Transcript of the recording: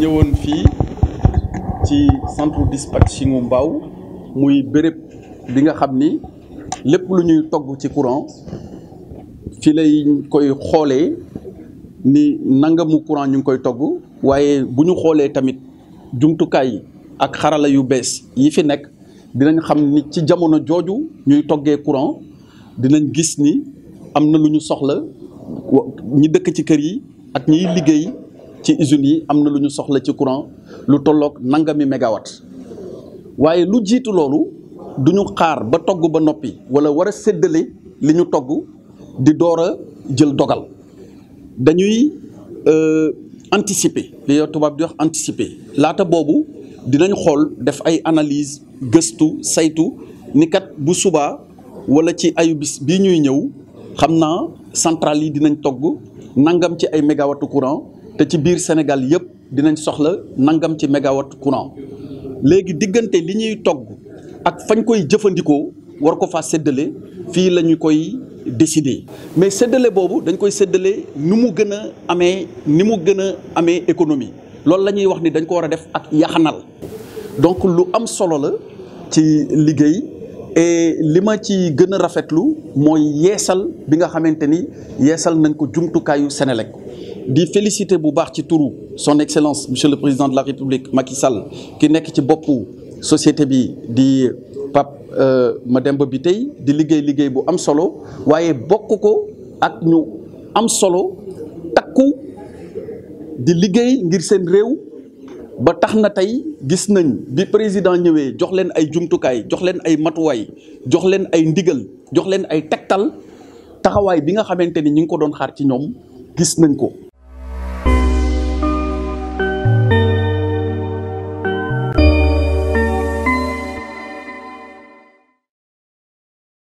ñëwoon fii ci centre dispatchingu Mbao muy béréb bi nga xam ni lépp lu ñuy togg ci courant fii lay koy xoolee ni nangamu courant ñu ngi koy togg waaye bu ñu xoolee tamit jumtukaay ak xarala yu bees yi fi nekk dinañ xam ni ci jamono jooju ñuy toggee courant dinañ gis ni am na lu ñu soxla ñi dëkk ci kër yi ak ñiy liggéey ci usines yi am na soxla ci courant lu tolok nangami mégawatt waye lu jitu lolu duñu xaar ba togg ba nopi wala wara seddelé liñu togg di dora jël dogal dañuy euh, anticiper li yo tubaab di wax anticiper lata bobu dinañ xol def ay analyse gestu saytu ni kat bu suba wala ci ayubis bis ñuy ñëw xamna naa centrale yi dinañ togg nangam ci ay mégawatt courant te ci biir Sénégal yëpp dinañ soxla nangam ci mégawatt courant léegi diggante li ñuy togg ak fañ koy jëfandikoo war ko faa séddale fii la ñu koy décider mais séddale boobu dañ koy séddale ni mu gën a amee ni mu gën a amee économie loolu la ñuy wax ni dañ ko war a def ak yaxanal donc lu am solo la ci liggéey et li ma ci gën a rafetlu mooy yeesal bi nga xamante ni yeesal nañ ko jumtukaayu Senelec di félicité bu baax ci son excellence monsieur le président de la république Macky Sall ki nekk ci boppu société bi di Pape euh, Mademba Bitèye di liguey liguey bu am solo waaye bokk ko ak ñu am solo takku di liguey ngir sen rew ba taxna tay gis nañ bi président ñëwee jox leen ay jumtukaay jox leen ay matuway jox leen ay ndigal jox leen ay tektal taxaway bi nga xamanteni ñing ko doon xaar ci ñom gis nañ ko